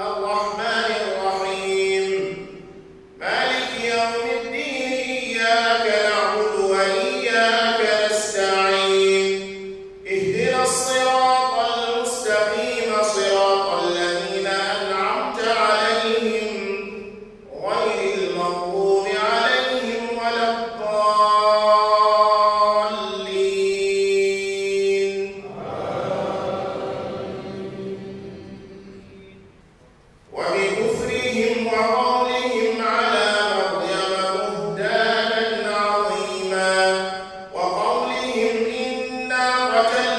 الرحمن الرحيم مالك يوم Amen.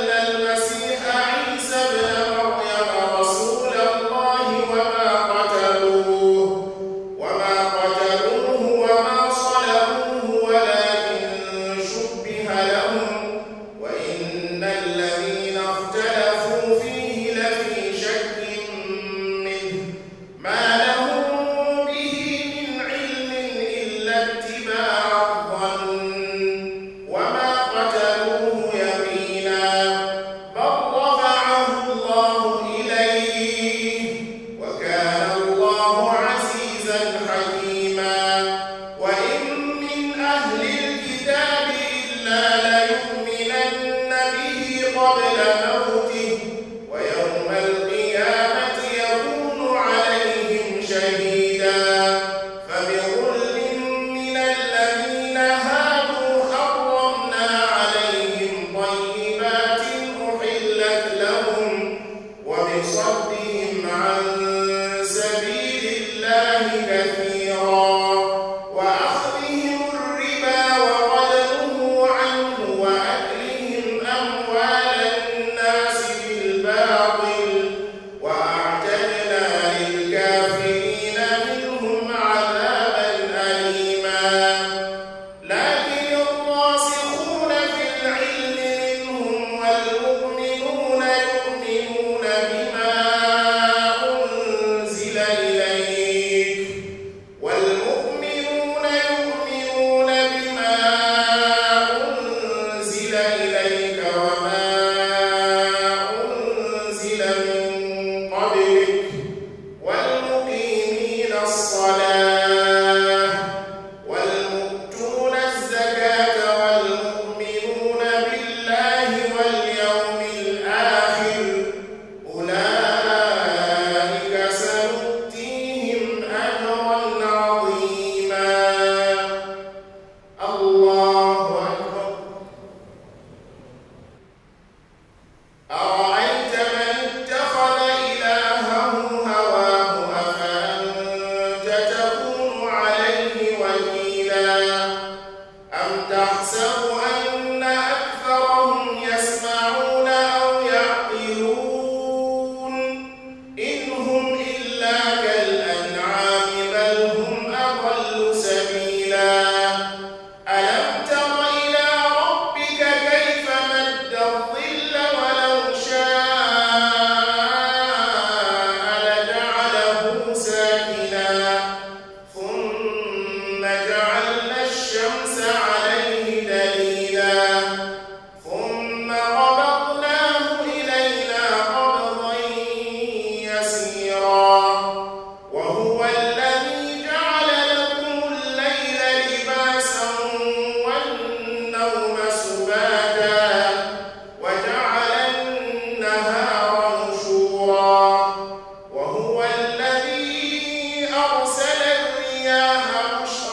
father, hours